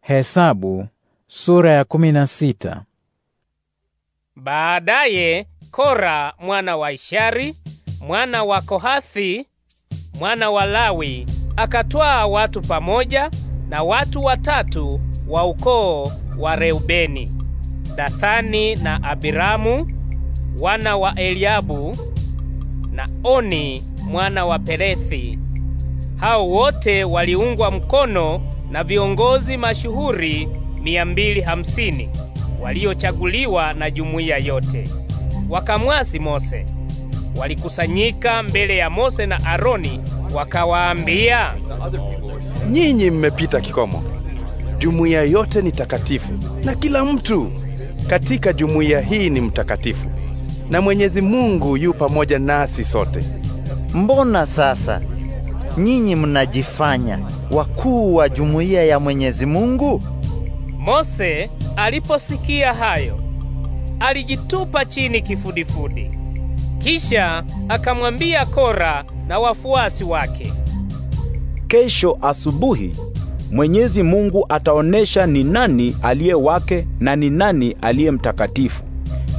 Hesabu sura ya kumi na sita. Baadaye Kora mwana wa Ishari mwana wa Kohasi mwana wa Lawi akatwaa watu pamoja na watu watatu wa ukoo wa Reubeni, Dathani na Abiramu wana wa Eliabu na Oni mwana wa Peresi. Hao wote waliungwa mkono na viongozi mashuhuri 250 waliochaguliwa na jumuiya yote. Wakamwasi Mose. Walikusanyika mbele ya Mose na Aroni wakawaambia, nyinyi mmepita kikomo. Jumuiya yote ni takatifu, na kila mtu katika jumuiya hii ni mtakatifu, na Mwenyezi Mungu yu pamoja nasi sote. Mbona sasa nyinyi mnajifanya wakuu wa jumuiya ya Mwenyezi Mungu? Mose aliposikia hayo, alijitupa chini kifudifudi. Kisha akamwambia Kora na wafuasi wake, kesho asubuhi Mwenyezi Mungu ataonesha ni nani aliye wake na ni nani aliye mtakatifu,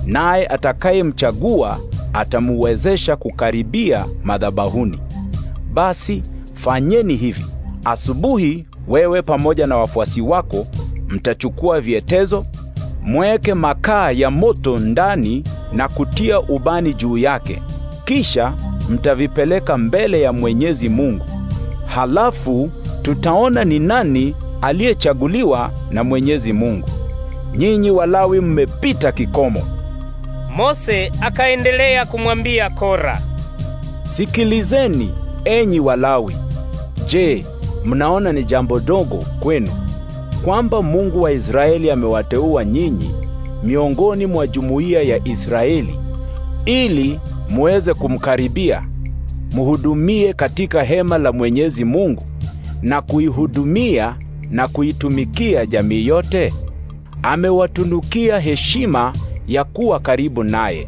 naye atakayemchagua atamuwezesha kukaribia madhabahuni. Basi fanyeni hivi: asubuhi, wewe pamoja na wafuasi wako mtachukua vyetezo, mweke makaa ya moto ndani na kutia ubani juu yake, kisha mtavipeleka mbele ya Mwenyezi Mungu. Halafu tutaona ni nani aliyechaguliwa na Mwenyezi Mungu. Nyinyi Walawi mmepita kikomo. Mose akaendelea kumwambia Kora, Sikilizeni, Enyi Walawi, je, mnaona ni jambo dogo kwenu kwamba Mungu wa Israeli amewateua nyinyi miongoni mwa jumuiya ya Israeli ili muweze kumkaribia, muhudumie katika hema la Mwenyezi Mungu na kuihudumia na kuitumikia jamii yote? Amewatunukia heshima ya kuwa karibu naye,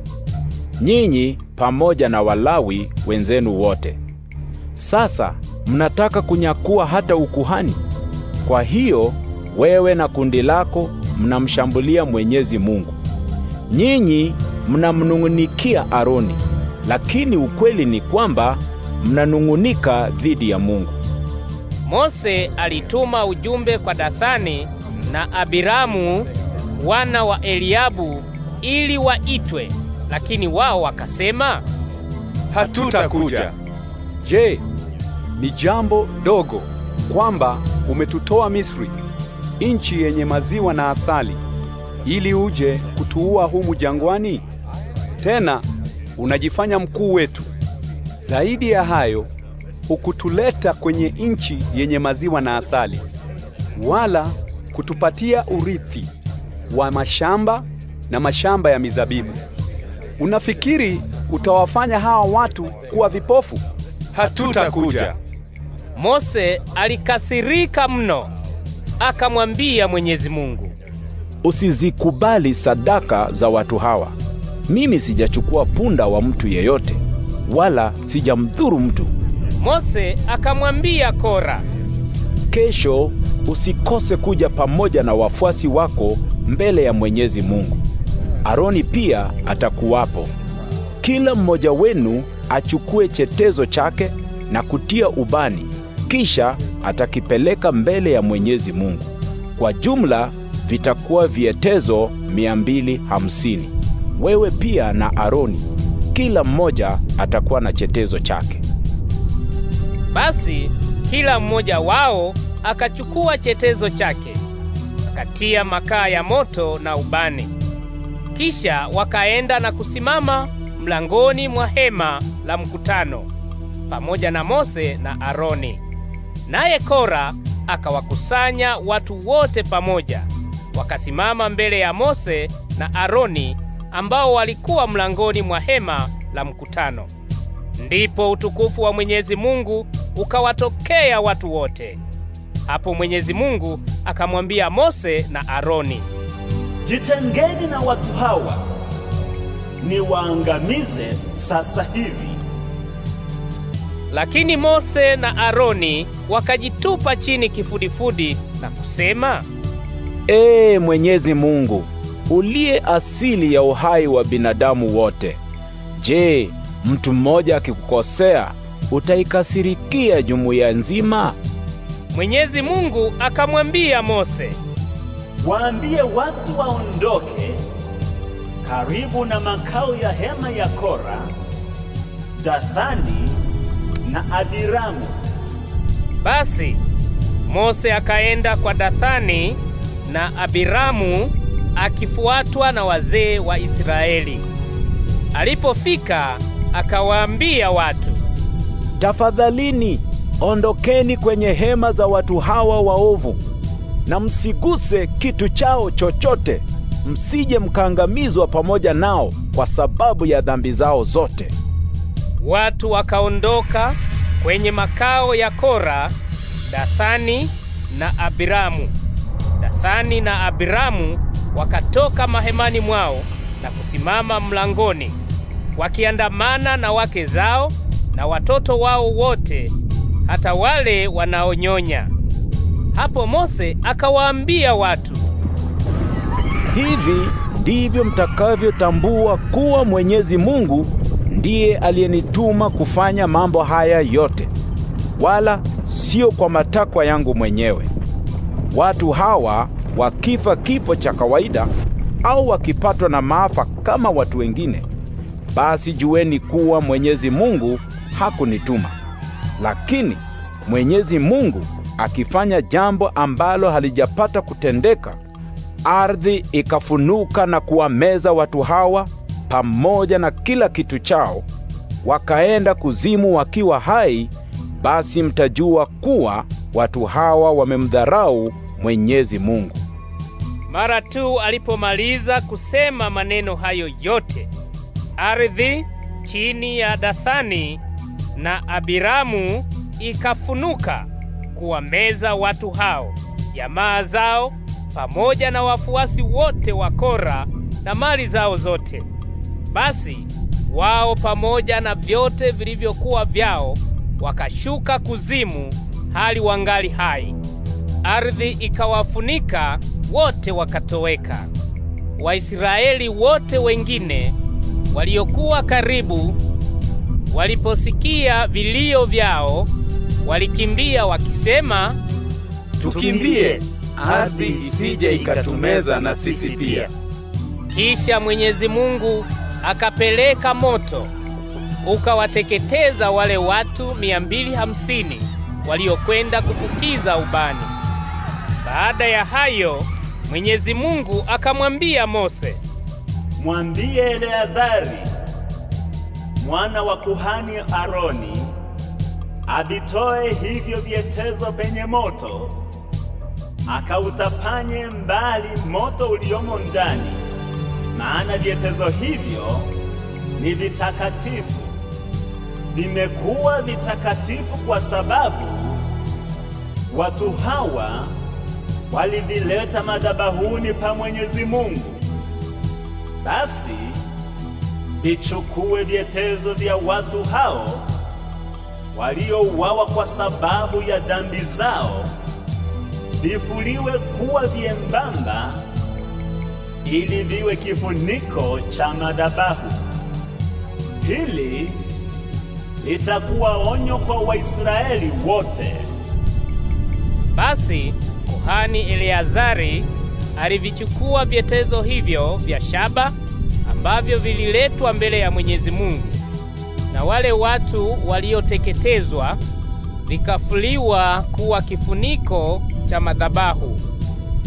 nyinyi pamoja na Walawi wenzenu wote. Sasa mnataka kunyakua hata ukuhani. Kwa hiyo wewe na kundi lako mnamshambulia Mwenyezi Mungu. Nyinyi mnamnung'unikia Aroni, lakini ukweli ni kwamba mnanung'unika dhidi ya Mungu. Mose alituma ujumbe kwa Dathani na Abiramu wana wa Eliabu ili waitwe, lakini wao wakasema, hatutakuja. Je, ni jambo dogo kwamba umetutoa Misri, nchi yenye maziwa na asali, ili uje kutuua humu jangwani? Tena unajifanya mkuu wetu. Zaidi ya hayo, hukutuleta kwenye nchi yenye maziwa na asali, wala kutupatia urithi wa mashamba na mashamba ya mizabibu. Unafikiri utawafanya hawa watu kuwa vipofu? Hatutakuja. Mose alikasirika mno, akamwambia Mwenyezi Mungu, usizikubali sadaka za watu hawa. Mimi sijachukua punda wa mtu yeyote, wala sijamdhuru mtu. Mose akamwambia Kora, kesho usikose kuja pamoja na wafuasi wako mbele ya Mwenyezi Mungu. Aroni pia atakuwapo. Kila mmoja wenu achukue chetezo chake na kutia ubani kisha atakipeleka mbele ya Mwenyezi Mungu. Kwa jumla vitakuwa vietezo 250. Wewe pia na Aroni, kila mmoja atakuwa na chetezo chake. Basi kila mmoja wao akachukua chetezo chake, akatia makaa ya moto na ubani, kisha wakaenda na kusimama mlangoni mwa hema la mkutano pamoja na Mose na Aroni. Naye Kora akawakusanya watu wote pamoja, wakasimama mbele ya Mose na Aroni ambao walikuwa mlangoni mwa hema la mkutano. Ndipo utukufu wa Mwenyezi Mungu ukawatokea watu wote. Hapo Mwenyezi Mungu akamwambia Mose na Aroni, jitengeni na watu hawa niwaangamize sasa hivi. Lakini Mose na Aroni wakajitupa chini kifudifudi na kusema, Ee Mwenyezi Mungu uliye asili ya uhai wa binadamu wote, je, mtu mmoja akikukosea utaikasirikia jumuiya nzima? Mwenyezi Mungu akamwambia Mose, waambie watu waondoke karibu na makao ya hema ya Kora, Dathani na Adiramu. Basi Mose akaenda kwa Dathani na Abiramu akifuatwa na wazee wa Israeli. Alipofika akawaambia watu, tafadhalini ondokeni kwenye hema za watu hawa waovu na msiguse kitu chao chochote, msije mkaangamizwa pamoja nao kwa sababu ya dhambi zao zote. Watu wakaondoka kwenye makao ya Kora, Dathani na Abiramu. Dathani na Abiramu wakatoka mahemani mwao na kusimama mlangoni, wakiandamana na wake zao na watoto wao wote, hata wale wanaonyonya. Hapo Mose akawaambia watu, hivi ndivyo mtakavyotambua kuwa Mwenyezi Mungu ndiye aliyenituma kufanya mambo haya yote, wala sio kwa matakwa yangu mwenyewe. Watu hawa wakifa kifo cha kawaida au wakipatwa na maafa kama watu wengine, basi jueni kuwa Mwenyezi Mungu hakunituma. Lakini Mwenyezi Mungu akifanya jambo ambalo halijapata kutendeka, ardhi ikafunuka na kuwameza watu hawa pamoja na kila kitu chao wakaenda kuzimu wakiwa hai, basi mtajua kuwa watu hawa wamemdharau Mwenyezi Mungu. Mara tu alipomaliza kusema maneno hayo yote, ardhi chini ya Dathani na Abiramu ikafunuka kuwameza watu hao, jamaa zao pamoja na wafuasi wote wa Kora na mali zao zote. Basi wao pamoja na vyote vilivyokuwa vyao wakashuka kuzimu hali wangali hai. Ardhi ikawafunika wote wakatoweka. Waisraeli wote wengine waliokuwa karibu waliposikia vilio vyao walikimbia wakisema, tukimbie ardhi isije ikatumeza na sisi pia. Kisha Mwenyezi Mungu akapeleka moto ukawateketeza wale watu mia mbili hamsini waliokwenda kufukiza ubani. Baada ya hayo, Mwenyezi Mungu akamwambia Mose, mwambie Eleazari mwana wa kuhani Aroni avitoe hivyo vyetezo penye moto, akautapanye mbali moto uliomo ndani maana vyetezo hivyo ni vitakatifu, vimekuwa vitakatifu kwa sababu watu hawa walivileta madhabahuni pa Mwenyezi Mungu. Basi vichukue vyetezo vya watu hao waliouawa kwa sababu ya dhambi zao, vifuliwe kuwa vyembamba ili viwe kifuniko cha madhabahu. Hili litakuwa onyo kwa Waisraeli wote. Basi kuhani Eleazari alivichukua vyetezo hivyo vya shaba ambavyo vililetwa mbele ya Mwenyezi Mungu, na wale watu walioteketezwa vikafuliwa kuwa kifuniko cha madhabahu.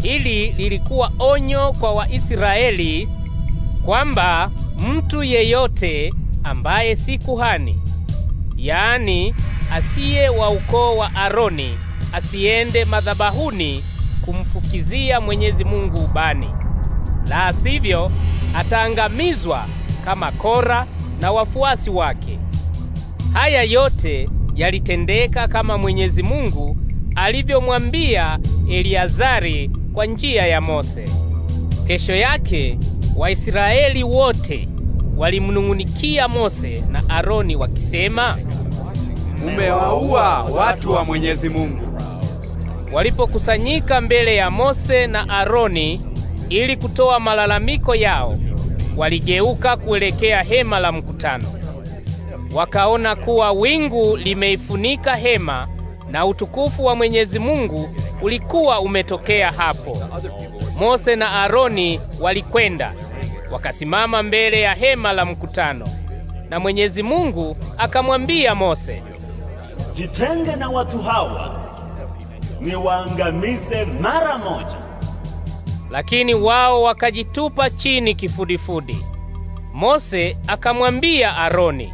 Hili lilikuwa onyo kwa Waisraeli kwamba mtu yeyote ambaye si kuhani, yaani asiye wa ukoo wa Aroni, asiende madhabahuni kumfukizia Mwenyezi Mungu ubani, la sivyo ataangamizwa kama Kora na wafuasi wake. Haya yote yalitendeka kama Mwenyezi Mungu alivyomwambia Eliazari kwa njia ya Mose. Kesho yake Waisraeli wote walimnung'unikia Mose na Aroni wakisema, umewaua watu wa Mwenyezi Mungu. Walipokusanyika mbele ya Mose na Aroni ili kutoa malalamiko yao, waligeuka kuelekea hema la mkutano. Wakaona kuwa wingu limeifunika hema na utukufu wa Mwenyezi Mungu ulikuwa umetokea hapo. Mose na Aroni walikwenda wakasimama mbele ya hema la mkutano, na Mwenyezi Mungu akamwambia Mose, jitenge na watu hawa niwaangamize mara moja. Lakini wao wakajitupa chini kifudifudi. Mose akamwambia Aroni,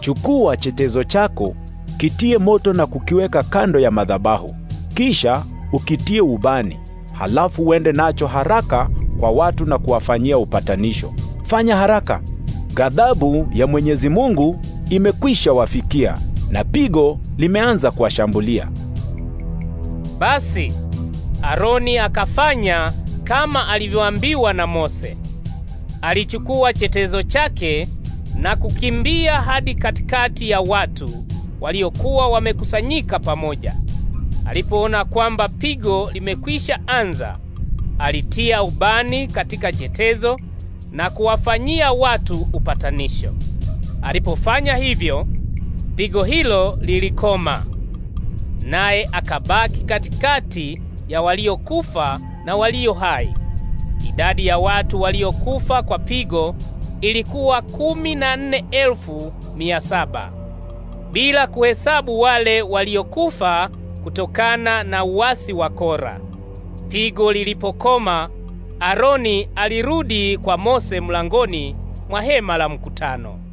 chukua chetezo chako, kitie moto na kukiweka kando ya madhabahu kisha ukitie ubani, halafu uende nacho haraka kwa watu na kuwafanyia upatanisho. Fanya haraka, ghadhabu ya Mwenyezi Mungu imekwisha wafikia na pigo limeanza kuwashambulia. Basi Aroni akafanya kama alivyoambiwa na Mose. Alichukua chetezo chake na kukimbia hadi katikati ya watu waliokuwa wamekusanyika pamoja. Alipoona kwamba pigo limekwisha anza, alitia ubani katika jetezo na kuwafanyia watu upatanisho. Alipofanya hivyo, pigo hilo lilikoma, naye akabaki katikati ya waliokufa na walio hai. Idadi ya watu waliokufa kwa pigo ilikuwa kumi na nne elfu mia saba bila kuhesabu wale waliokufa kutokana na uasi wa Kora. Pigo lilipokoma, Aroni alirudi kwa Mose mlangoni mwa hema la mkutano.